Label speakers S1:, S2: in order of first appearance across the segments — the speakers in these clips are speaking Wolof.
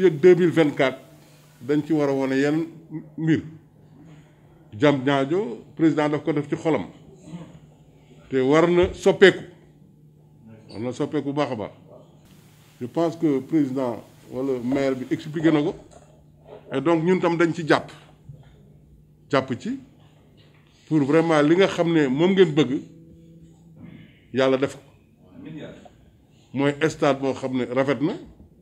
S1: fii ak deux dañ ci war a wane yenn mbir jam ñaajo président daf ko def ci xolam te war na soppeeku war na soppeeku baax a baax je pense que président wala maire bi expliqué na ko et donc ñun tam dañ ci jàpp jàpp ci pour vraiment li nga xam ne moom ngeen bëgg yàlla def ko mooy stade boo xam ne rafet na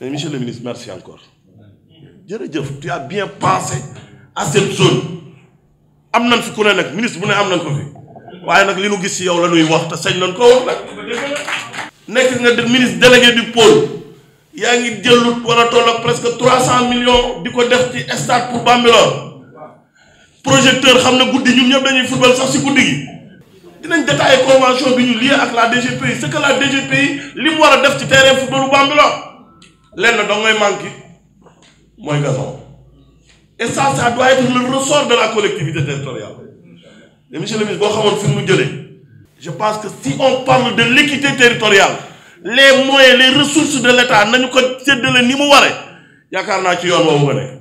S2: Mais monsieur le ministre, merci encore. jërëjëf tu as bien pensé à cette zone am nañ fi ku ne ministre bu ne ko fi waaye nak li nu gis ci yow la nuy wax te sañ nañ ko wax nag. nekk nga ministre délégué du pôle Yaangi ngi wala tolok presque trois millions diko def ci stade pour Bambilor projecteur xamna goudi ñun ñep dañuy football sax ci goudi gi. dinañ détailler convention bi ñu lié ak la DGPI c'est que la DGPI li wara def ci terrain footballu Bambilor lenn il ngay manqué gazon et ça ça doit être le ressort de la collectivité territoriale et monsieur le ministre je pense que si on parle de l'équité territoriale les moyens les ressources de l'État nous ko les ni mu qui qui est ci train se